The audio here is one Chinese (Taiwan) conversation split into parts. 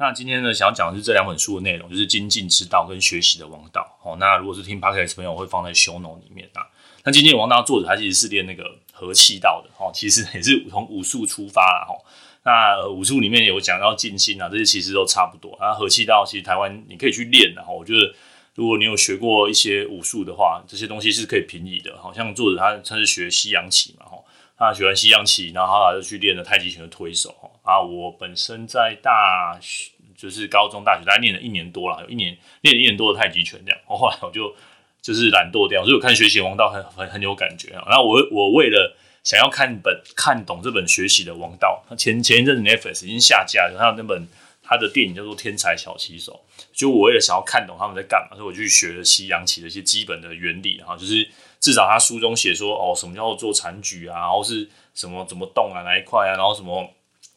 那今天呢，想要講的是這兩本書的內容，就是《精進之道》跟《學習的王道》哦。那如果是聽 podcast 的朋友會放在 show note 裡面啊。那《精進王道》作者他其實是練那個和氣道的哦，其實也是從武術出發啦哈、哦。那武術裡面有講到靜心啊，這些其實都差不多。那、啊、和氣道其實台灣你可以去練的哈。我覺得如果你有學過一些武術的話，這些東西是可以平移的。好、哦、像作者他他是學西洋棋嘛哈。他、啊、學完西洋棋，然後他就去練了太極拳的推手。啊，我本身在大學，就是高中大學，大概練了一年多了，有一年練了一年多的太極拳。這樣，我後來我就就是懶惰掉。所以我看《學習王道》很很很有感覺啊。然後我我為了想要看本看懂這本《學習的王道》，那前前一陣子 Netflix 已經下架了，還有那本他的電影叫做《天才小棋手》。就我為了想要看懂他們在幹嘛，所以我去學了西洋棋的一些基本的原理，然後就是。至少他書中寫說，哦，什麼叫做殘局啊？然後是什麼怎麼動啊？哪一塊啊？然後什麼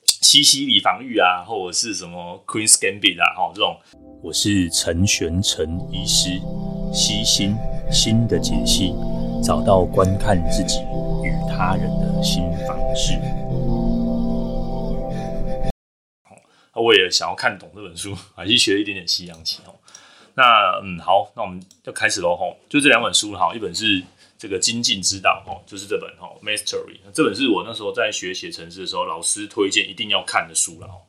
西西裡防禦啊？或者是什麼 Queen's Gambit 啊？哈、哦，這種。我是陳玄成醫師，析心新的解析，找到觀看自己與他人的新方式。哦，那我也想要看懂這本書，還是學一點點西洋棋哦。那嗯，好，那我們就開始了吼，就這兩本書，好，一本是。這個精進之道，哦，就是這本哦，Mastery，這本是我那時候在學寫程式的時候，老師推薦一定要看的書了哦。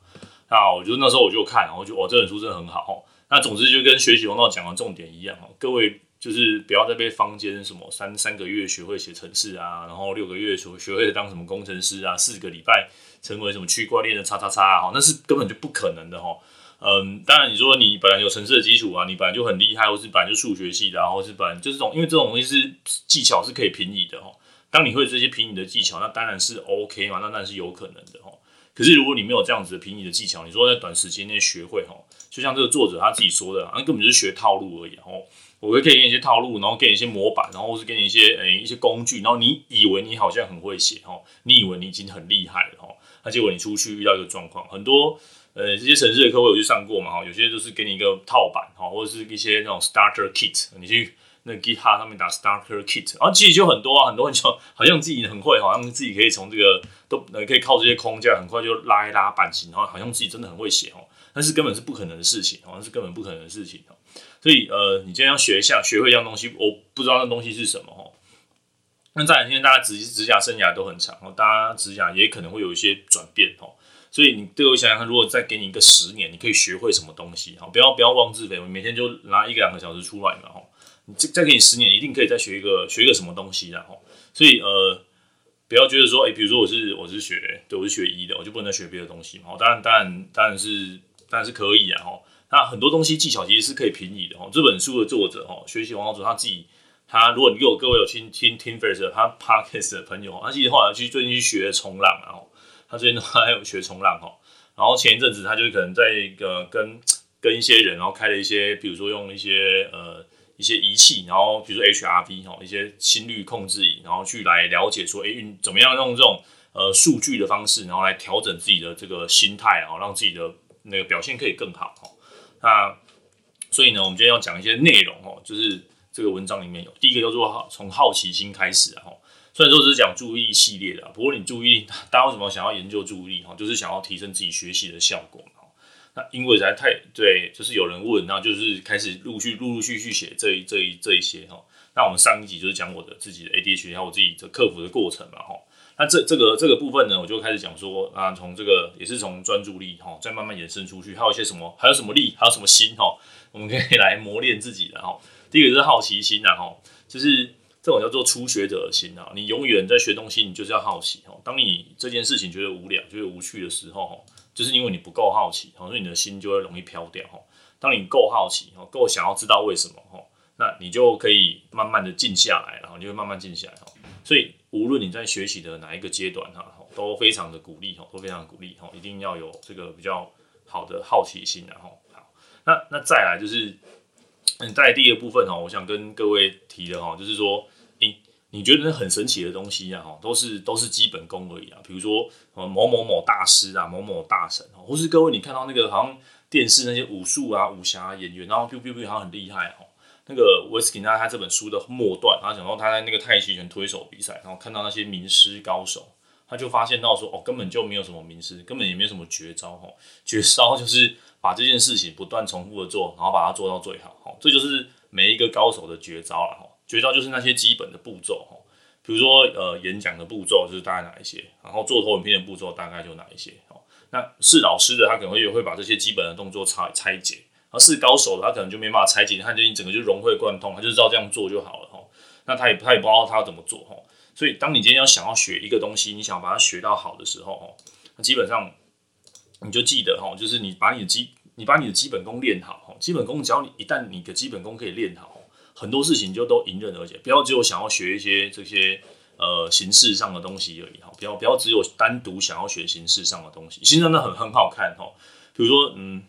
那我覺得那時候我就看，然後就哇，這本書真的很好哦，那總之就跟學習王道講的重點一樣哦，各位就是不要再被坊間什麼三三個月學會寫程式啊，然後六個月學學會當什麼工程師啊，四個禮拜成為什麼區塊鏈的叉叉叉哦，那是根本就不可能的哦。嗯，當然，你說你本來有程式的基礎啊，你本來就很厲害，或是本來就數學系的、啊，然後是本來就這種，因為這種東西是技巧是可以平移的哈、哦。當你會有這些平移的技巧，那當然是 OK 嘛，那當然是有可能的哈、哦。可是如果你沒有這樣子的平移的技巧，你說在短時間內學會哈、哦，就像這個作者他自己說的、啊，那根本就是學套路而已、啊、哦。我會給你一些套路，然後給你一些模板，然後是給你一些誒、哎、一些工具，然後你以為你好像很會寫哦，你以為你已經很厲害了哦。那結果你出去遇到一個狀況，很多。呃，這些程式的課我有去上過嘛，哈，有些就是給你一個套版，哈，或者是一些那種 starter kit，你去那 GitHub 上面打 starter kit，然後其實就很多啊，很多很，就好像自己很會好他們自己可以從這個都、呃、可以靠這些框架很快就拉一拉版型，然後好像自己真的很會寫哦，但是根本是不可能的事情，好像是根本不可能的事情。所以，呃，你今天要學一下，學會一樣東西，我、哦、不知道那東西是什麼哈。那在今天大家職職涯生涯都很長，大家職涯也可能會有一些轉變哦。所以你對我，想想看，如果再給你一個十年，你可以學會什麼東西？哈，不要不要妄自菲薄，每天就拿一兩個小時出來嘛，哈，你再再給你十年，一定可以再學一個學一個什麼東西然後，吼！所以呃，不要覺得說，哎、欸，比如說我是我是學對，我是學醫的，我就不能再學別的東西，哦，當然當然當然是當然是可以然後，吼！那很多東西技巧其實是可以平移的，哈，這本書的作者，哈，學習王道他自己，他如果你給我各位有聽聽聽 first 他 Podcast 的朋友，他自己後來去最近去學衝浪，然後。他最近還有學衝浪哦，然後前一陣子他就是可能在一個跟跟一些人，然後開了一些，比如說用一些呃一些儀器，然後比如說 HRV 哦，一些心率控制儀，然後去來了解說，哎、欸，運怎麼樣用這種呃數據的方式，然後來調整自己的這個心態哦，讓自己的那個表現可以更好哦。那所以呢，我們今天要講一些內容哦，就是這個文章裡面有第一個叫做從好奇心開始哦。雖然說只是講注意系列的，不過你注意大家為什麼想要研究注意力？哈，就是想要提升自己學習的效果。哈，那因為實在太對，就是有人問，那就是開始陸續、陸陸續續寫這一、這一、這一些哈。那我們上一集就是講我的自己的 ADHD，我自己的克服的過程嘛。哈，那這這個這個部分呢，我就開始講說啊，從這個也是從專注力哈，再慢慢延伸出去，還有一些什麼，還有什麼力，還有什麼心哈，我們可以來磨練自己的哈。第一個就是好奇心，然後就是。這種叫做初學者的心啊，你永遠在學東西，你就是要好奇哦。當你這件事情覺得無聊、覺得無趣的時候，就是因為你不夠好奇，所以你的心就會容易飄掉，當你夠好奇，哈，夠想要知道為什麼，哈，那你就可以慢慢的靜下來，然後你就會慢慢靜下來，哈。所以無論你在學習的哪一個階段，哈，都非常的鼓勵，哈，都非常鼓勵，哈，一定要有這個比較好的好奇心，然後好。那那再來就是嗯，在第二部分，哈，我想跟各位提的，哈，就是說。你覺得那很神奇的東西一樣、啊、哈，都是都是基本功而已啊。比如說，某某某大師啊，某某大神啊，或是各位你看到那個好像電視那些武術啊、武俠演員，然後嗶嗶嗶，好像很厲害哦、啊。那個威斯汀啊，他這本書的末段，他想講到他在那個太極拳推手比賽，然後看到那些名師高手，他就發現到說，哦，根本就沒有什麼名師，根本也沒有什麼絕招，哈，絕招就是把這件事情不斷重複的做，然後把它做到最好，哈，這就是每一個高手的絕招了。絕招就是那些基本的步驟哈，比如說呃演講的步驟就是大概哪一些，然後做投影片的步驟大概就哪一些哦。那是老師的他可能會會把這些基本的動作拆拆解，而是高手的他可能就沒辦法拆解，他就已整個就融會貫通，他就是照這樣做就好了哈。那他也他也不知道他要怎麼做哈，所以當你今天要想要學一個東西，你想要把它學到好的時候哦，那基本上你就記得哈，就是你把你的基你把你的基本功練好，基本功只要你一旦你的基本功可以練好。很多事情就都迎刃而解，不要只有想要學一些這些呃形式上的東西而已哈，不要不要只有單獨想要學形式上的東西。形式上的很很好看哈，哦、比如說嗯，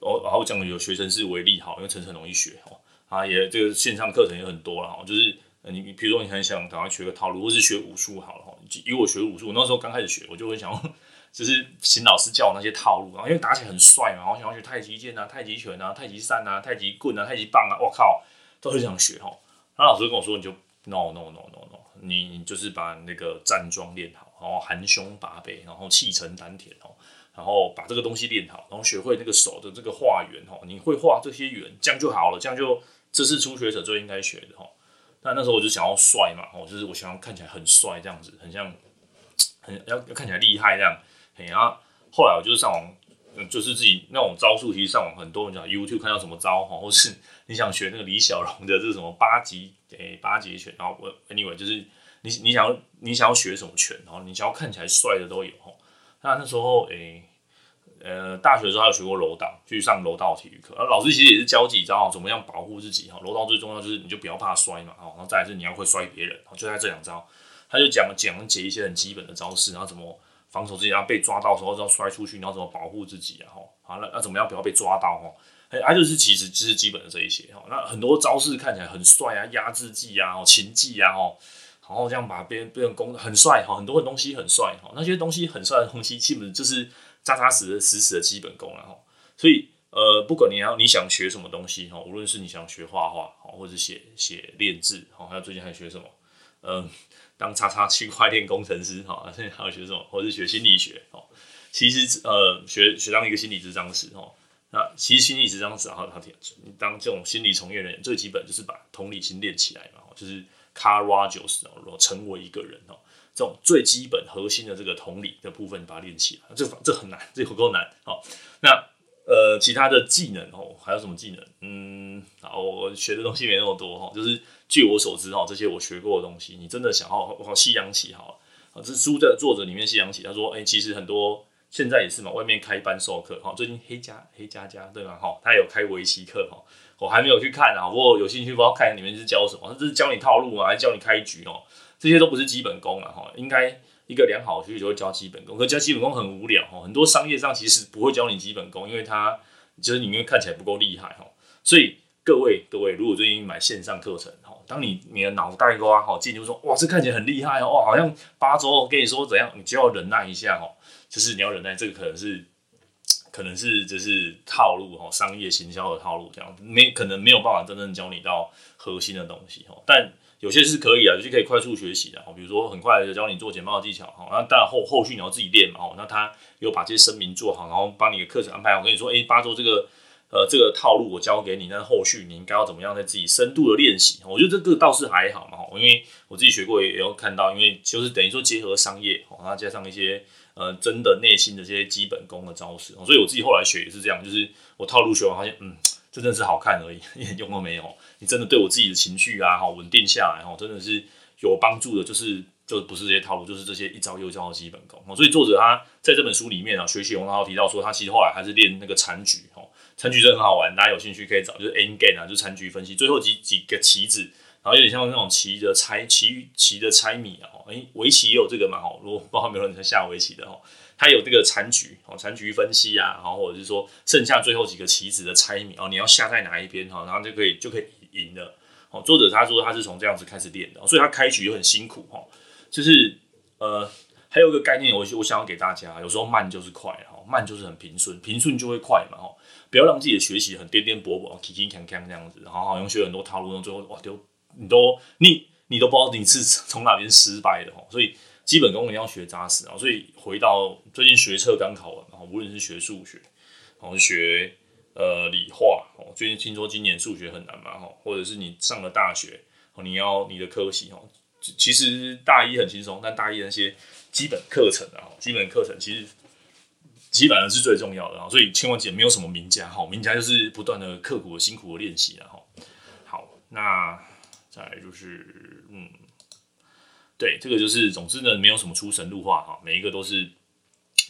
哦、我然後講有學生是為例哈，因為城市很容易學哦，啊，也這個線上課程也很多了哈、哦，就是、呃、你你比如說你很想趕快學個套路，或是學武術好了哈、哦，以我學武術，我那時候剛開始學，我就會想就是請老師教我那些套路，因為打起來很帥嘛，我想要學太極劍啊、太極拳啊、太極扇啊、太極棍啊、太極棒啊，我靠！都很想學哈，他、啊、老師跟我說，你就 no, no no no no no，你你就是把那個站樁練好，然後含胸拔背，然後氣沉丹田哦，然後把這個東西練好，然後學會那個手的這個畫圓哈，你會畫這些圓，這樣就好了，這樣就這是初學者最應該學的哈。但那時候我就想要帥嘛，哦，就是我想要看起來很帥這樣子，很像，很要要看起來厲害這樣。然後、啊、後來我就是上網。嗯，就是自己那種招數，其實上網很多人講 YouTube 看到什麼招，或是你想學那個李小龍的，是什麼八極誒、欸、八極拳，然後我 Anyway 就是你你想要你想要學什麼拳，然後你想要看起來帥的都有哈。那那時候誒、欸、呃大學的時候他有學過柔道，去上柔道體育課，老師其實也是教幾招，怎麼樣保護自己哈。柔道最重要就是你就不要怕摔嘛，然後再來是你要會摔別人，就在這兩招，他就講講解一些很基本的招式，然後怎麼。防守自己要、啊、被抓到的時候要摔出去，你要怎麼保護自己，然後好，那那、啊、怎麼樣不要被抓到？哈、欸，它、啊、就是其實就是基本的這一些哈。那很多招式看起來很帥啊，壓制技啊，擒技啊，哈，然後這樣把別人別人攻很帥哈，很多的東西很帥哈，那些東西很帥的東西，基本就是紮紮實實實的基本功了哈。所以呃，不管你要你想學什麼東西哈，無論是你想學畫畫哈，或者是寫寫練字好，還有最近還學什麼，嗯、呃。當叉叉區塊鏈工程師哈，現在還學什麼？或者學心理學。其實呃，學學當一個心理治療師。那其實心理治療師啊，他你當這種心理從業人員，最基本就是把同理心練起來嘛。就是卡拉就是成為一個人哦，這種最基本核心的這個同理的部分，把它練起來。這這很難，這足夠難哦。那。呃，其他的技能哦，還有什麼技能？嗯，啊，我學的東西沒那麼多哈、哦，就是據我所知哈、哦，這些我學過的東西，你真的想我、哦、好西洋棋。好啊，這書的作者裡面西洋棋，他說，哎、欸，其實很多現在也是嘛，外面開班授課哈、哦，最近黑嘉黑嘉嘉對吧、啊、哈、哦，他有開圍棋課哈，我、哦哦、還沒有去看啊，如有興趣不知道看，裡面是教什麼？這是教你套路啊，還教你開局哦？這些都不是基本功了哈、哦，應該。一個良好的學習就會教基本功，可教基本功很無聊哦。很多商業上其實不會教你基本功，因為他就是你看起來不夠厲害。所以各位各位，如果最近買線上課程哦，當你你的腦袋瓜好進就說哇，這看起來很厲害哦，哇，好像八周跟你說怎樣，你就要忍耐一下哦。就是你要忍耐，這個可能是可能是就是套路哦，商業行銷的套路這樣，沒可能沒有辦法真正教你到核心的東西哦，但。有些是可以啊，有些可以快速學習的，哦，比如說很快就教你做簡報技巧，哈，那但後後續你要自己練嘛，哦，那他又把這些聲明做好，然後幫你的課程安排好。我跟你說，誒、欸，八週這個，呃，這個套路我教給你，那後續你應該要怎麼樣在自己深度的練習？我覺得這個倒是還好嘛，哦，因為我自己學過也，也有看到，因為就是等於說結合商業，然後加上一些，呃，真的內心的這些基本功的招式，所以我自己後來學也是這樣，就是我套路學完發現，嗯。就真的是好看而已，一點用都沒有。你真的對我自己的情緒啊，哈，穩定下來，哈，真的是有幫助的。就是，就不是這些套路，就是這些一招又一招的基本功。所以作者他在這本書裡面啊，學習王道提到說，他其實後來還是練那個殘局，哈，殘局真的很好玩。大家有興趣可以找，就是 end game 啊，就殘局分析。最後幾幾個棋子，然後有點像那種棋的猜棋棋的猜謎啊，哈、欸，誒，圍棋也有這個嘛，哈，如果包括意有人在下圍棋的，哈。他有這個殘局哦，殘局分析呀、啊，然後或者是說剩下最後幾個棋子的猜謎哦，你要下在哪一邊哈，然後就可以就可以贏了哦。作者他說他是從這樣子開始練的，所以他開局就很辛苦。就是呃，還有一個概念，我我想要給大家，有時候慢就是快哈，慢就是很平順，平順就會快嘛哈。不要讓自己的學習很顛顛簸簸、勤勤坎坎這樣子，然後用學很多套路，最後哇你都你你都不知道你是從哪邊失敗的，所以。基本功一定要學扎實啊！所以回到最近學測剛考完，然後無論是學數學，然後學呃理化，哦，最近聽說今年數學很難嘛，哦，或者是你上了大學，哦，你要你的科系哦，其實大一很輕鬆，但大一那些基本課程啊，基本課程其實基本上是最重要的啊！所以千萬記得沒有什麼名家哈，名家就是不斷的刻苦的辛苦的練習，然後好，那再就是嗯。對，這個就是，總之呢，沒有什麼出神入化哈，每一個都是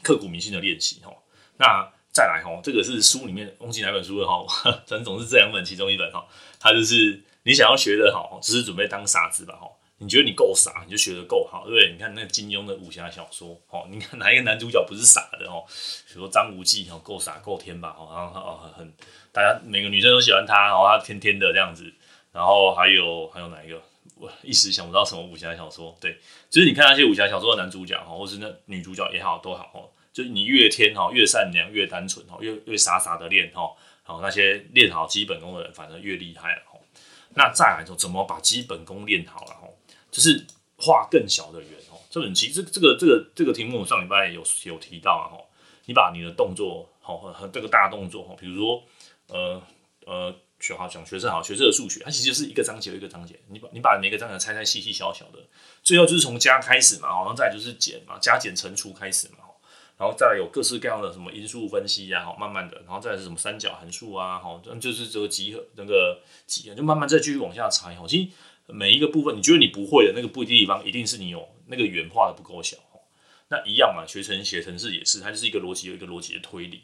刻骨銘心的練習哈。那再來哈，這個是書裡面忘記哪本書了哈，反正總是這兩本其中一本哈。他就是你想要學的哈，只是準備當傻子吧哈。你覺得你夠傻，你就學的夠好，對不對？你看那金庸的武俠小說哈，你看哪一個男主角不是傻的哦，比如說張無忌哈，夠傻夠天吧哈，然後很很大家每個女生都喜歡他，然後他天天的這樣子，然後還有還有哪一個？我一時想不到什麼武俠小說，對，就是你看那些武俠小說的男主角哈，或是那女主角也好，都好哦，就你越天哈，越善良，越單純哈，越越傻傻的練哈，好，那些練好基本功的人，反而越厲害了。那再來就怎麼把基本功練好了？就是畫更小的圓哦。這本其實這個這個、這個、這個題目上禮拜有有提到哈，你把你的動作好，這個大動作哈，比如說呃呃。呃學好講學生好，學生的數學，它其實是一個章節一個章節，你把你把每一個章節拆拆細細小小的，最後就是從加開始嘛，然後再來就是減嘛，加減乘除開始嘛，然後再來有各式各樣的什麼因素分析啊，好，慢慢的，然後再來是什麼三角函數啊，好，這就是這個集合那個集合，就慢慢再繼續往下拆。好，其實每一個部分，你覺得你不會的那個不一定地方，一定是你有那個圓畫的不夠小。那一樣嘛，學生寫程式也是，它就是一個邏輯有一個邏輯的推理。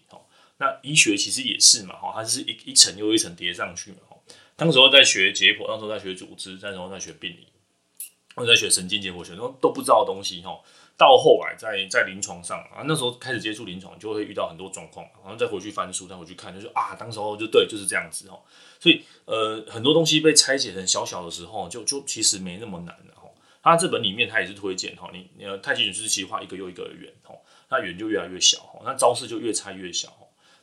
那醫學其實也是嘛，吼，它是一一層又一層疊上去嘛，吼。當時候在學解剖，那時候在學組織，那時候在學病理，或者在學神經解剖，學都都不知道的東西，吼。到後來在在臨床上啊，那時候開始接觸臨床，就會遇到很多狀況，然後再回去翻書，再回去看，就說啊，當時候就對就是這樣子，吼。所以呃，很多東西被拆解成小小的時候，就就其實沒那麼難的，吼。他這本裡面他也是推薦，吼，你你的太極拳是其實畫一個又一個的圓，吼，那圓就越來越小，吼，那招式就越拆越小。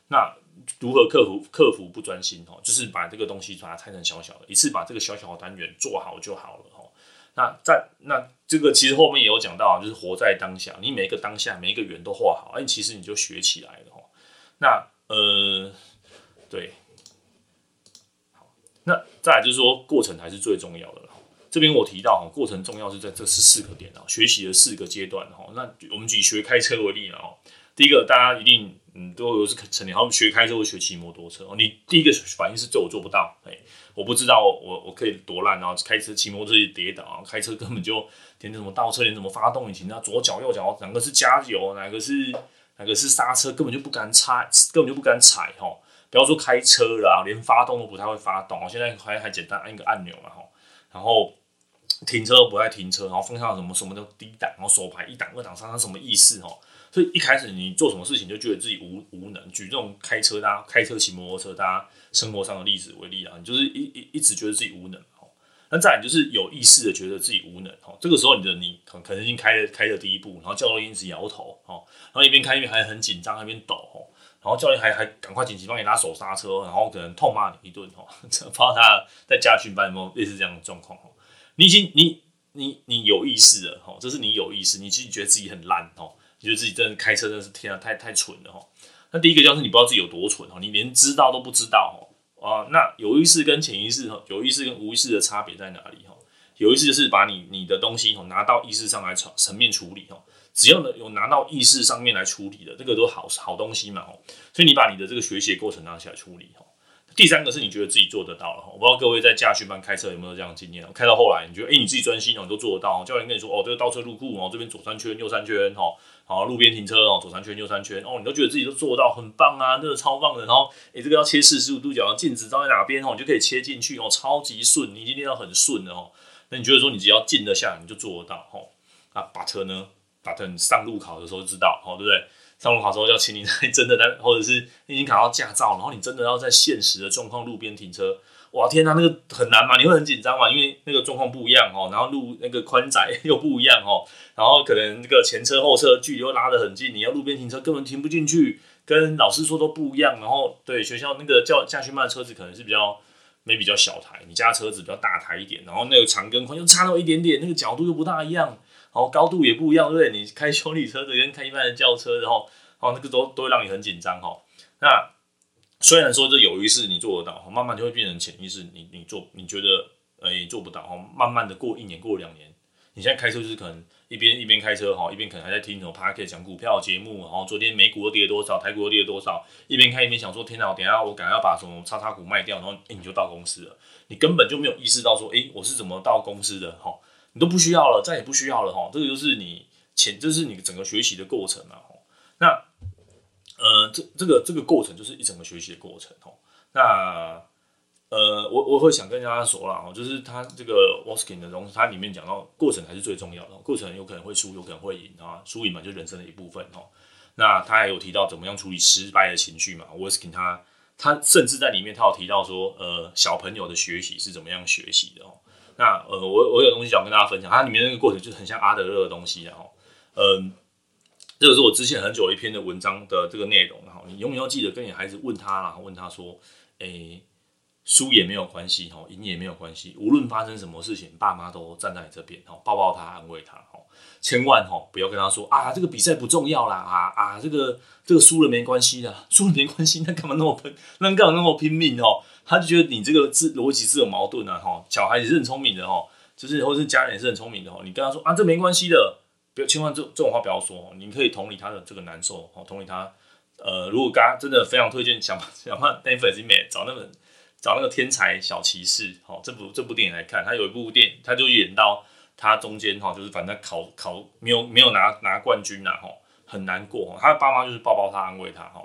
那如何克服克服不專心哦？就是把這個東西把它拆成小小的，一次把這個小小的單元做好就好了哦。那在那這個其實後面也有講到就是活在當下，你每一個當下每一個圓都畫好，哎，其實你就學起來了哦。那呃對，那再來就是說過程才是最重要的。這邊我提到哦，過程重要是在這四個點哦，學習的四個階段哦。那我們就以學開車為例哦。第一個，大家一定嗯，都有是成年，然後學開車、會學騎摩托車。你第一個反應是做我做不到，哎，我不知道我，我我可以多爛啊！開車、騎摩托車也跌倒、啊、開車根本就連什麼倒車，連什麼發動引擎啊，左腳右腳，哪個是加油，哪個是哪個是剎車，根本就不敢踩，根本就不敢踩哈、哦！不要說開車了、啊，連發動都不太會發動。我現在還還簡單，按一個按鈕嘛哈。然後停車不愛停車，然後方向什麼什麼叫低檔，然後手排一檔、二檔、三檔什麼意思哦？所以一開始你做什麼事情就覺得自己無無能，舉這種開車，大家開車騎摩托車，大家生活上的例子為例啊，你就是一一一直覺得自己無能那、哦、再來就是有意識的覺得自己無能、哦、這個時候你的你可能已經開了開了第一步，然後教練一直搖頭、哦、然後一邊開一邊還很緊張，一邊抖、哦、然後教練還還趕快緊急幫你拉手剎車，然後可能痛罵你一頓哦。不知道他在駕訓班有沒有類似這樣的狀況哦？你已經你你你，你有意識了、哦。這是你有意識，你自己覺得自己很爛哦。覺得自己真的開車真的是天啊，太太蠢了哈。那第一個就是你不知道自己有多蠢哦，你連知道都不知道哦。啊、呃。那有意識跟潛意識，有意識跟無意識的差別在哪裡哈？有意識就是把你你的東西哦拿到意識上來層層面處理哈。只要能有拿到意識上面來處理的，這個都好好東西嘛哦。所以你把你的這個學習的過程拿起來處理。第三個是，你覺得自己做得到了？我不知道各位在駕訓班開車有沒有這樣的經驗？開到後來，你覺得哎，你自己專心哦，你都做得到。教練跟你說，哦，這個倒車入庫哦，這邊左三圈，右三圈，哦，好，路邊停車哦，左三圈，右三圈，哦，你都覺得自己都做得到，很棒啊，真的超棒的哦。然後，哎，這個要切四十五度角，鏡子照在哪邊哦，你就可以切進去哦，超級順，你今天要很順哦。那你覺得說，你只要靜得下來，你就做得到哦。啊，把車呢，把車上路考的時候就知道，哦，對不對？上路考就要請你在真的在，或者是已經考到駕照，然後你真的要在現實的狀況路邊停車。哇，天吶，那個很難嘛，你會很緊張嘛，因為那個狀況不一樣哦，然後路那個寬窄又不一樣哦，然後可能那個前車後車距離又拉得很近，你要路邊停車根本停不進去，跟老師說都不一樣。然後對學校那個教駕訓班的車子可能是比較沒，比較小台，你家車子比較大台一點，然後那個長跟寬又差那麼一點點，那個角度又不大一樣。然高度也不一樣，對，你開修理車的跟開一般的轎車，然後哦，那個都都會讓你很緊張哦。那雖然說這有意識你做得到，慢慢就會變成潛意識，你你做你覺得呃也做不到，哦，慢慢的過一年過兩年，你現在開車就是可能一邊一邊開車哈，一邊可能還在聽什麼 podcast 講股票節目，然後昨天美股又跌多少，台股又跌多少，一邊開一邊想說天哪，等下我趕快要把什麼叉叉股賣掉，然後你就到公司了，你根本就沒有意識到說，誒，我是怎麼到公司的哈。你都不需要了，再也不需要了哈。這個就是你前，這是你整個學習的過程嘛。那呃，這這個這個過程就是一整個學習的過程哦。那呃，我我會想跟大家說了哦，就是他這個 Waskin 的東西，它裡面講到過程才是最重要的。過程有可能會輸，有可能會贏啊，輸贏嘛就人生的一部分哦。那他還有提到怎麼樣處理失敗的情緒嘛。Waskin 他他甚至在裡面他有提到說，呃，小朋友的學習是怎麼樣學習的哦。那呃，我我有東西想跟大家分享，它裡面那個過程就很像阿德勒的東西，然哦，嗯、呃，這個是我之前很久一篇的文章的這個內容，然後你永遠要記得跟你孩子問他然後問他說，誒，輸也沒有關係，吼，贏也沒有關係，無論發生什麼事情，爸媽都站在你這邊，吼，抱抱他，安慰他，吼，千萬吼不要跟他說啊，這個比賽不重要啦，啊啊，這個這個輸了沒關係的，輸了沒關係，那幹嘛那麼拼，那幹嘛那麼拼命哦？他就覺得你這個邏輯是有矛盾的、啊、哈，小孩子是很聰明的哈，就是或者是家人也是很聰明的哈。你跟他說啊，這沒關係的，不要千萬這這種話不要說。你可以同理他的這個難受，好，同理他。呃，如果大家真的非常推薦，想看想看《The Fault Man》，找那個找那個天才小棋士，好，這部這部電影來看。他有一部電影，他就演到他中間哈，就是反正考考沒有沒有拿拿冠軍吶，哈，很難過。他的爸媽就是抱抱他，安慰他，哈。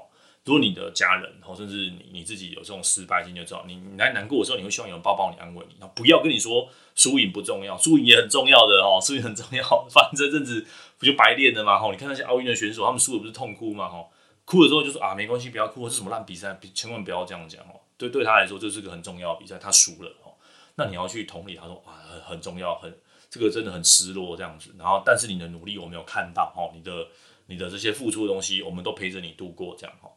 如果你的家人，吼，甚至你你自己有這種失敗心，就知道你你在難過的時候，你會希望有人抱抱你、安慰你。那不要跟你說輸贏不重要，輸贏也很重要的哦，輸贏很重要。反正這陣子不就白練的嘛，吼，你看那些奧運的選手，他們輸了不是痛哭嘛，吼！哭的時候就說啊，沒關係，不要哭，是什麼爛比賽，千萬不要這樣講哦。對，對他來說，這是個很重要的比賽，他輸了哦。那你要去同理他說，哇，很很重要，很這個真的很失落這樣子。然後，但是你的努力，我沒有看到哦。你的你的這些付出的東西，我們都陪着你度過這樣哦。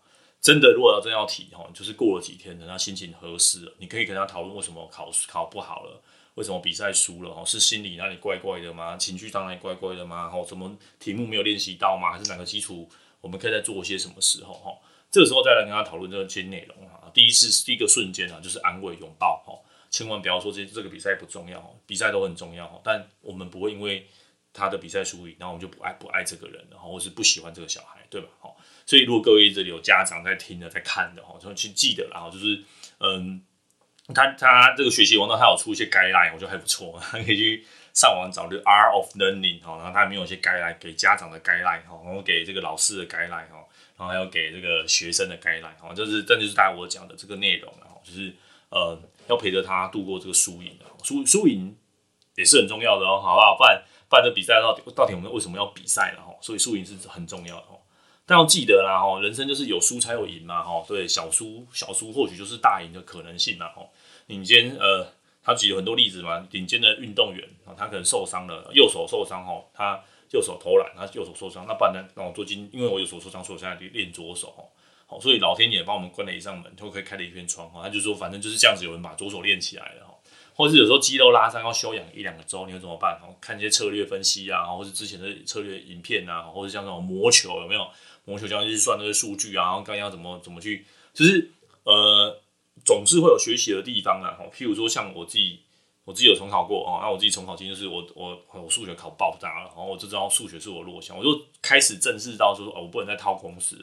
真的，如果要真的要提哈，就是過了幾天，等他心情合適了，你可以跟他討論為什麼考試考不好了，為什麼比賽輸了哦，是心裡哪裡怪怪的嗎？情緒上哪裡怪怪的嗎？哈，什麼題目沒有練習到嗎？還是哪個基礎？我們可以再做些什麼時候哈？這個時候再來跟他討論這些內容啊。第一次是一個瞬間啊，就是安慰、擁抱哈。千萬不要說這這個比賽不重要，比賽都很重要哈。但我們不會因為他的比賽輸贏，然後我們就不愛不愛這個人，然後或是不喜歡這個小孩，對吧？哈。所以，如果各位這裡有家長在聽的、在看的哦，就去記得，然後就是，嗯，他他這個學習王道，他有出一些 Guide line, 我覺得還不錯，他可以去上網找 The Art of Learning 哦，然後他裡面有一些 Guide line, 給家長的 Guide 哦，然後給這個老師的 Guide 哦，然後還有給這個學生的 Guide 哦、就是，就是這就是大家我講的這個內容然後就是呃，要陪着他度過這個輸贏輸輸贏也是很重要的哦、喔，好不好？不然，不然這比賽到底到底我們為什麼要比賽了哈？所以，輸贏是很重要的哦、喔。但要記得啦，吼，人生就是有輸才有贏嘛，吼，對，小輸小輸或許就是大贏的可能性啦，吼，頂尖呃，他舉了很多例子嘛，頂尖的運動員啊，他可能受傷了，右手受傷吼，他右手投籃，他右手受傷，那不然讓我做金，因為我右手受傷，所以我現在練左手好，所以老天爺幫我們關了一扇門，就可以開了一片窗，哈，他就說反正就是這樣子，有人把左手練起來了，哈，或是有時候肌肉拉傷要休養一兩個周，你會怎麼辦？哦，看一些策略分析啊，或是之前的策略影片啊，或是像這種魔球有沒有？我學校就是算那些數據啊，然後看要怎麼怎麼去，就是呃，總是會有學習的地方啊，譬如說像我自己，我自己有重考過哦。那、啊、我自己重考，經就是我我我數學考爆炸了，然後我就知道數學是我弱項，我就開始正視到說，哦、呃，我不能再套公式，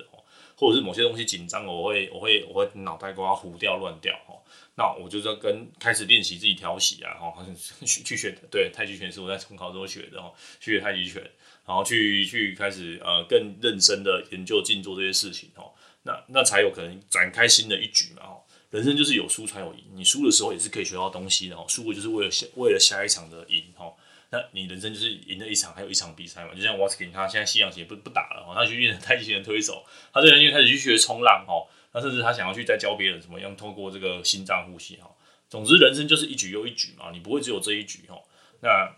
或者是某些東西緊張，我會我會我會腦袋瓜胡掉亂掉。那我就在跟開始練習自己調息啊，然後去去學對太極拳是我在中考中學的哦，學太極拳，然後去去開始呃更認真的研究靜坐這些事情哦，那那才有可能展開新的一局嘛哦，人生就是有輸才有贏，你輸的時候也是可以學到東西的哦，輸過就是為了下為了下一場的贏哦，那你人生就是贏了一場還有一場比賽嘛，就像沃斯金他現在西洋棋也不不打了哦，他去練太極拳推手，他這人就開始去學衝浪哦。那甚至他想要去再教別人怎麼樣透過這個心臟呼吸哈，總之人生就是一局又一局嘛，你不會只有這一局哈，那，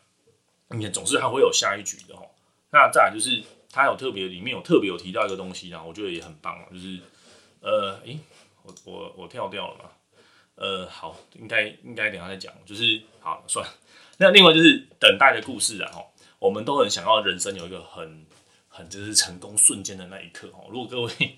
你總是還會有下一局的哈。那再來就是他有特別裡面有特別有提到一個東西呢，我覺得也很棒，就是呃，誒、欸，我我我跳掉了嘛，呃，好，應該應該等下再講，就是好算了。那另外就是等待的故事啊，哈，我們都很想要人生有一個很很就是成功瞬間的那一刻哈，如果各位。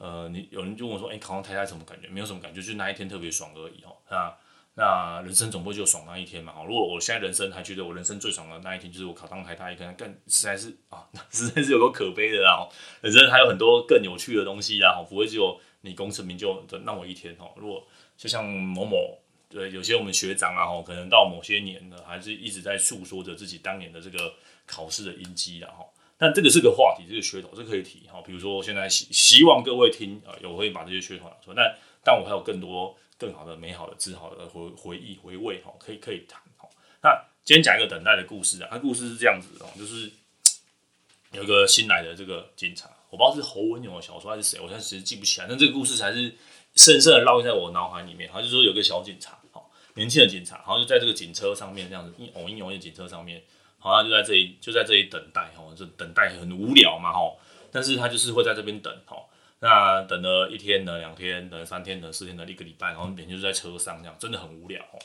呃，你有人就問我說，哎，考上台大什麼感覺？沒有什麼感覺，就是、那一天特別爽而已哦。那那人生總不就爽那一天嘛？哈，如果我現在人生還覺得我人生最爽的那一天就是我考上台大，一天，更實在是啊，實在是有夠可悲的啦。人生還有很多更有趣的東西啦，哈，不會只有你功成名就的那我一天哦。如果就像某某，對有些我們學長啊，哈，可能到某些年了，還是一直在訴說着自己當年的這個考試的音機然後。但這個是個話題，是、這個噱頭，這是可以提哈。比如說，我現在希希望各位聽啊，也、呃、會把這些噱頭拿出來。那但，但我還有更多、更好的、美好的、自豪的回回憶、回味哈、喔，可以可以談哈、喔。那今天講一個等待的故事啊，它故事是這樣子哦、喔，就是有一個新來的這個警察，我不知道是侯文勇的小說還是誰，我現在其實記不起來。但這個故事才是深深的烙印在我腦海裡面。然後就是、說有一個小警察，好、喔，年輕的警察，然後就在這個警車上面這樣子，偶因勇的警車上面。好像就在這裡，就在這裡等待，哦，就等待很無聊嘛，吼、哦。但是他就是會在這邊等，吼、哦。那等了一天，等兩天，等三天，等四天，等一個禮拜，然後每天就在車上這樣，真的很無聊。哦，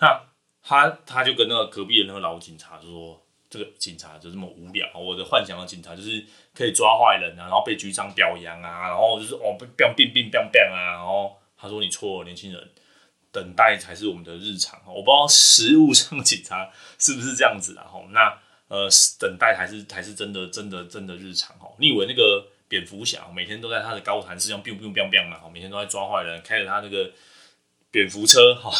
那他他就跟那個隔壁的那個老警察就說，這個警察就這麼無聊。我的幻想的警察就是可以抓壞人啊，然後被局長表揚啊，然後就是哦，bang bang bang bang bang 啊。然後他說你錯了，年輕人。等待才是我們的日常，我不知道實務上的警察是不是這樣子啊？吼，那呃，等待還是才是真的真的真的日常哦。你以為那個蝙蝠俠每天都在他的高譚市上 biu biu biu biu 嘛？吼，每天都在抓壞人，開着他那個蝙蝠車，哈，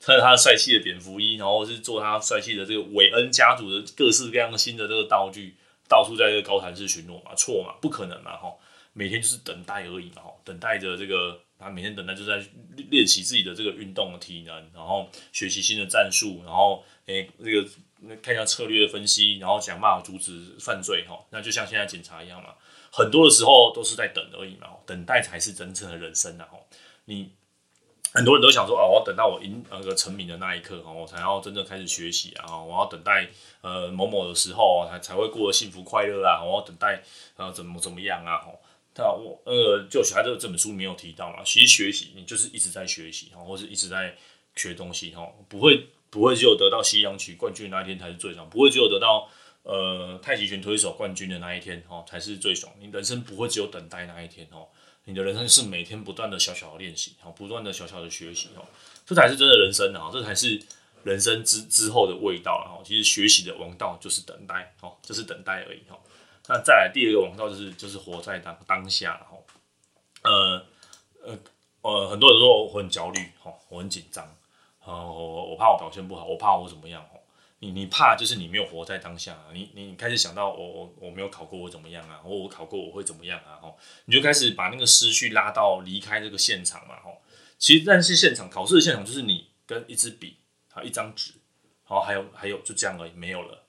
穿着他帥氣的蝙蝠衣，然後是做他帥氣的這個韋恩家族的各式各樣的新的這個道具，到處在這個高譚市巡邏嘛？錯嘛？不可能嘛？吼。每天就是等待而已嘛吼，等待着這個，他每天等待就是在練習自己的這個運動的體能，然後學習新的戰術，然後誒這個看一下策略分析，然後想辦法阻止犯罪吼、哦，那就像現在警察一樣嘛，很多的時候都是在等而已嘛，等待才是真正的人生吶、啊、吼，你很多人都想說哦、啊，我等到我贏那、呃、個成名的那一刻吼，我、哦、才要真正開始學習啊，哦、我要等待呃某某的時候才才會過得幸福快樂啊，我、哦、要等待呃怎麼怎麼樣啊、哦那、啊、我呃，就其他這這本書沒有提到嘛。其實學習你就是一直在學習，或是一直在學東西，哈，不會不會只有得到西洋棋冠軍的那一天才是最爽，不會只有得到呃太極拳推手冠軍的那一天哈才是最爽。你人生不會只有等待那一天哦，你的人生是每天不斷的小小的練習，然後不斷的小小的學習哦，這才是真的人生啊，這才是人生之之後的味道了。然後其實學習的王道就是等待，哦，就是等待而已哦。那再來第二個，王道就是就是活在當當下，吼、呃，呃呃呃，很多人說我很焦慮，吼，我很緊張，啊、呃，我我怕我表現不好，我怕我怎麼樣，你你怕就是你沒有活在當下，你你開始想到我我我沒有考過我怎麼樣啊，我我考過我會怎麼樣啊，你就開始把那個思緒拉到離開這個現場嘛，吼，其實但是現場考試的現場就是你跟一支筆，好一張紙，然後還有還有就這樣而已，沒有了。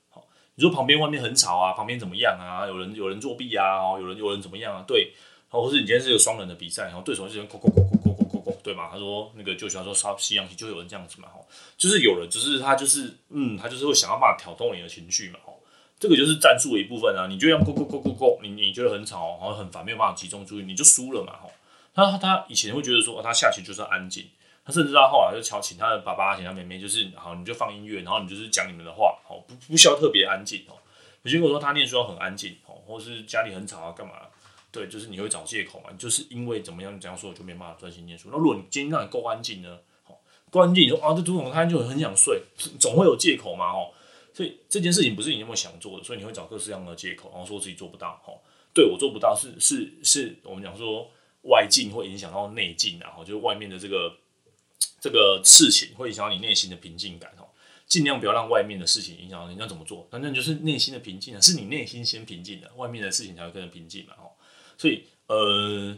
你說旁邊外面很吵啊，旁邊怎麼樣啊？有人有人作弊啊？哦，有人有人怎麼樣啊？對，然後或是你今天是一個雙人的比賽，然後對手就這邊咕咕咕咕咕咕咕咕，對吧？他說那個就喜歡說刷西洋棋，就會有人這樣子嘛，就是有人，就是他就是嗯，他就是會想要辦法挑動你的情緒嘛，這個就是戰術的一部分啊。你就要咕咕咕咕咕，你你覺得很吵，然後很煩，沒有辦法集中注意，你就輸了嘛，他他以前會覺得說，他下棋就是要安靜。甚至到後來就瞧請他的爸爸，請他妹妹，就是，好，你就放音樂，然後你就是講你們的話，好，不不需要特別安靜哦。以如果說他念書要很安靜，哦，或者是家裡很吵啊，幹嘛？對，就是你會找借口嘛，就是因為怎麼樣，你這樣說我就沒辦法專心念書。那如果你今天讓你夠安靜呢，哦，夠安靜，你說啊，這朱總看就很想睡，總會有借口嘛，哦，所以這件事情不是你那麼想做的，所以你會找各式各樣的借口，然後說我自己做不到，哦，對我做不到，是是是我們講說外境會影響到內境，然後就外面的這個。這個事情會影響你內心的平靜感哦，盡量不要讓外面的事情影響到你。要怎麼做？反正就是內心的平靜啊，是你內心先平靜的，外面的事情才會跟着平靜嘛哦。所以呃，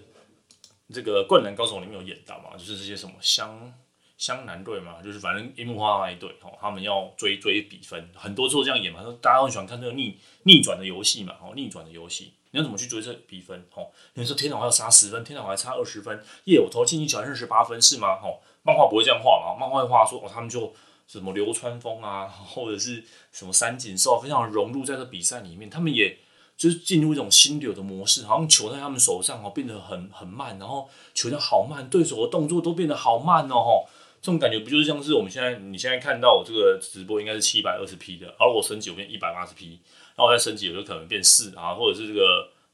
這個灌籃高手裡面有演到嘛，就是這些什麼湘湘南隊嘛，就是反正櫻木花那一隊哦，他們要追追比分，很多時候這樣演嘛，大家都喜歡看這個逆逆轉的遊戲嘛哦，逆轉的遊戲，你要怎麼去追這比分哦？你說天總還差十分，天總還差二十分，耶，我投進你喜歡是十八分是嗎？哦。漫畫不會這樣畫嘛，漫畫的話說哦，他們就什麼流川楓啊，或者是什麼三井壽，非常融入在這比賽裡面，他們也就是進入一種心流的模式，好像球在他們手上哦，變得很很慢，然後球的好慢，對手的動作都變得好慢哦，這種感覺不就是像是我們現在你現在看到我這個直播應該是七百二十 P 的，而我升級有變一百八十 P，那我再升級我就可能變四啊，或者是這個。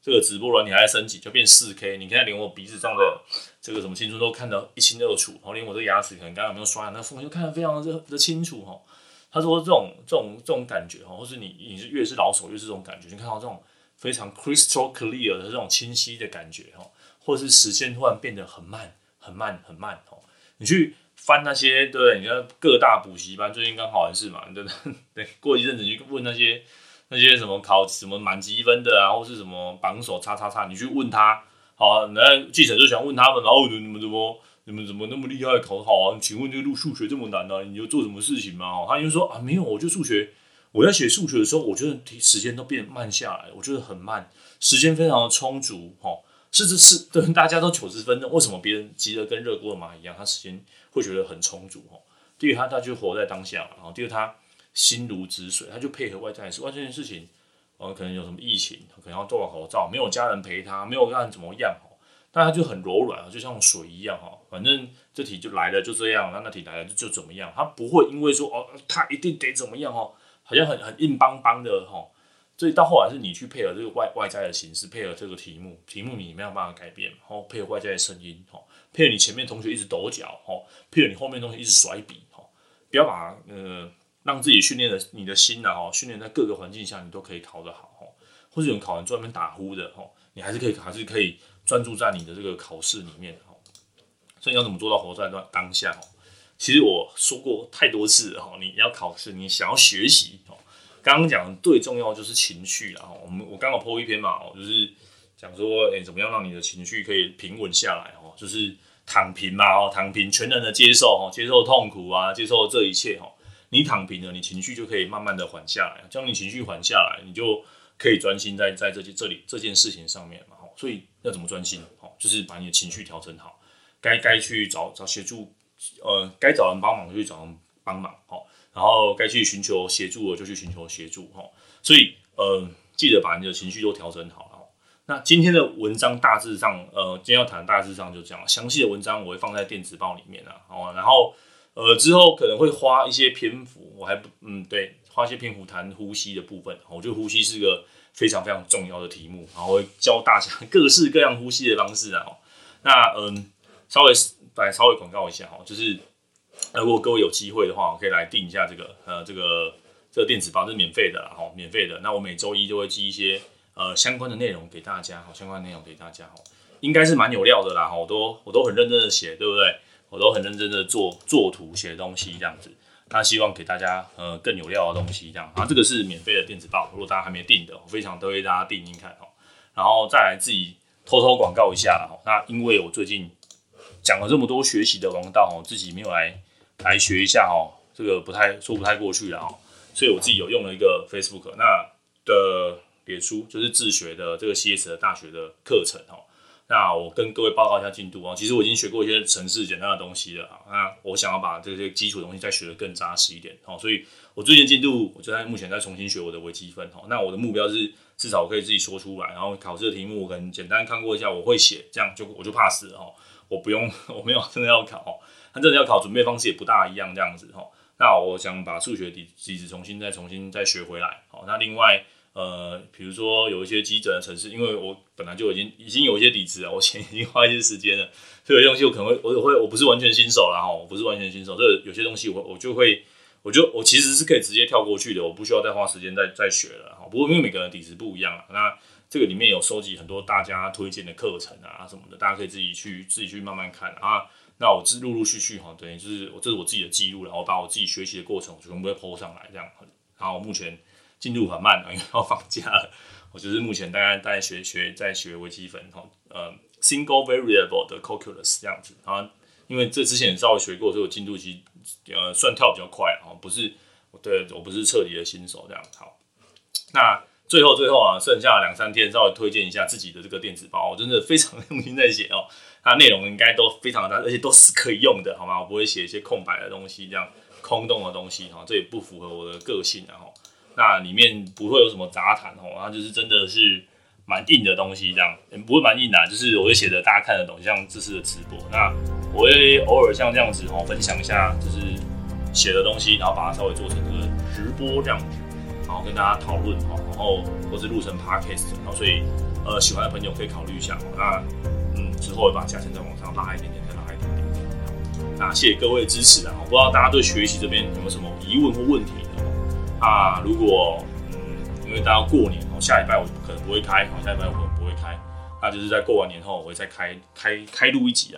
這個直播軟體你還在升級，就變四 K。你現在連我鼻子上的這個什麼青春痘都看得一清二楚，然後連我這個牙齒可能剛剛有沒有刷的那縫，就看得非常的清楚哈。他說這種這種這種感覺哈，或是你你是越是老手，越是這種感覺，你看到這種非常 crystal clear 的這種清晰的感覺哈，或是時間突然變得很慢很慢很慢哦。你去翻那些，對，你看各大補習班最近剛好也是，是嘛，對不對，過一陣子你就問那些。那些什麼考什麼滿級分的啊，或是什麼榜首叉叉叉，你去問他，好、啊，那記者就想問他們，然後你們怎麼，你們怎麼那麼厲害的考好啊？你請問這個錄數學這麼難呢、啊？你就做什麼事情嗎？哦，他就說啊，沒有，我就數學，我在寫數學的時候，我覺得時間都變慢下來，我覺得很慢，時間非常的充足，哈、哦，甚至是對大家都九十分鐘，為什麼別人急得跟熱鍋的螞蟻一樣，他時間會覺得很充足，哈、哦，第一他他就活在當下，然後第二他。心如止水，他就配合外在的事。外這件事情，哦、呃，可能有什麼疫情，可能要做口罩，沒有家人陪他，沒有家人怎麼樣，但他就很柔軟，就像水一樣哈。反正這題就來了，就這樣。那那個、題來了就怎麼樣？他不會因為說哦，他一定得怎麼樣哈？好像很很硬邦邦的哈、哦。所以到後來是你去配合這個外外在的形式，配合這個題目，題目你沒有辦法改變，然、哦、後配合外在的聲音哈、哦，配合你前面同學一直抖腳哈、哦，配合你後面同學一直甩筆哈、哦，不要把他呃。讓自己訓練的你的心呢？哦，訓練在各個環境下你都可以考得好，哦。或者有考完專門打呼的，哦，你還是可以，還是可以專注在你的這個考試裡面，哦。所以你要怎麼做到活在當當下？哦，其實我說過太多次，哦，你要考試，你想要學習，哦，剛剛講最重要就是情緒，啊。我們我剛好 po 一篇嘛，就是講說，哎，怎麼樣讓你的情緒可以平穩下來？哦，就是躺平嘛，哦，躺平，全然的接受，哦，接受痛苦啊，接受這一切，哦。你躺平了，你情緒就可以慢慢的緩下來。只要你情緒緩下來，你就可以專心在在這件這裡這件事情上面嘛。好，所以要怎麼專心？好、嗯，就是把你的情緒調整好。該該去找找協助，呃，該找人幫忙就去找人幫忙。好，然後該去尋求協助的就去尋求協助。哈，所以呃，記得把你的情緒都調整好了。那今天的文章大致上，呃，今天要談的大致上就這樣。詳細的文章我會放在電子報裡面呢。好，然後。呃，之後可能會花一些篇幅，我還不，嗯，對，花一些篇幅談呼吸的部分，我覺得呼吸是個非常非常重要的題目，然後會教大家各式各樣呼吸的方式啊，那，嗯，稍微來稍微廣告一下哈，就是，如果各位有機會的話，我可以來訂一下這個，呃，這個這個電子報是免費的，哈，免費的，那我每周一就會寄一些呃相關的內容給大家，哈，相關的內容給大家，哈，應該是蠻有料的啦，我都我都很認真的寫，對不對？我都很認真的做做圖、寫東西這樣子，那希望給大家呃更有料的東西這樣子。啊，這個是免費的電子報，如果大家還沒訂的，我非常樂意大家訂一看哦，喔。然後再來自己偷偷廣告一下，喔，那因為我最近講了這麼多學習的王道哦，我自己沒有來來學一下哦，喔，這個不太說不太過去了哦，喔，所以我自己有用了一個 Facebook 那的臉書，就是自學的這個 CS 的大學的課程哦，喔。那我跟各位報告一下進度啊，其實我已經學過一些程式簡單的東西了啊，那我想要把這些基礎的東西再學得更扎實一點哦，所以，我最近進度，我就在目前再重新學我的微積分哦，那我的目標是至少我可以自己說出來，然後考試的題目我可能簡單看過一下，我會寫，這樣就我就怕死哦，我不用我沒有真的要考哦，他真的要考，準備方式也不大一樣這樣子哦，那我想把數學底底子重新再重新再學回來哦，那另外。呃，比如說有一些基本的程式，因為我本來就已經已經有一些底子了，我前已經花一些時間了，所以有些東西我可能會我我會我不是完全新手了哈，我不是完全新手，這個、有些東西我我就會，我就我其實是可以直接跳過去的，我不需要再花時間再再學了哈。不過因為每個人的底子不一樣了，那這個裡面有收集很多大家推薦的課程啊什麼的，大家可以自己去自己去慢慢看啊。那我是陸陸續續哈，等於就是我這是我自己的記錄，然後我把我自己學習的過程全部都 po 上來這樣，然後目前。進度很慢啊，因為要放假了。我就是目前大概,大概學學在學學在學微積分哈，呃，single variable 的 calculus 這樣子。然後因為這之前也稍微學過，所以我進度其實呃算跳比較快啊、哦，不是，對我不是徹底的新手這樣。好，那最後最後啊，剩下兩三天，稍微推薦一下自己的這個電子報。我真的非常用心在寫哦。它內容應該都非常大，而且都是可以用的，好嗎？我不會寫一些空白的東西，這樣空洞的東西哈、哦，這也不符合我的個性然、啊、後。那裡面不會有什麼雜談哦，然後，就是真的是蠻硬的東西這樣，也不會蠻硬的，就是我會寫的大家看得懂，像這次的直播，那我會偶爾像這樣子哦，分享一下就是寫的東西，然後把它稍微做成直播這樣子，然後跟大家討論哦，然後或者錄成 podcast，然後所以呃喜歡的朋友可以考慮一下哦，那嗯之後會把價錢再往上拉一點點再拉一點點。那謝謝各位的支持啊，我不知道大家對學習這邊有沒有什麼疑問或問題。啊，如果嗯，因為待到過年後，下禮拜我可能不會開，下禮拜我可能不會開，那就是在過完年後，我會再開開開錄一集啊。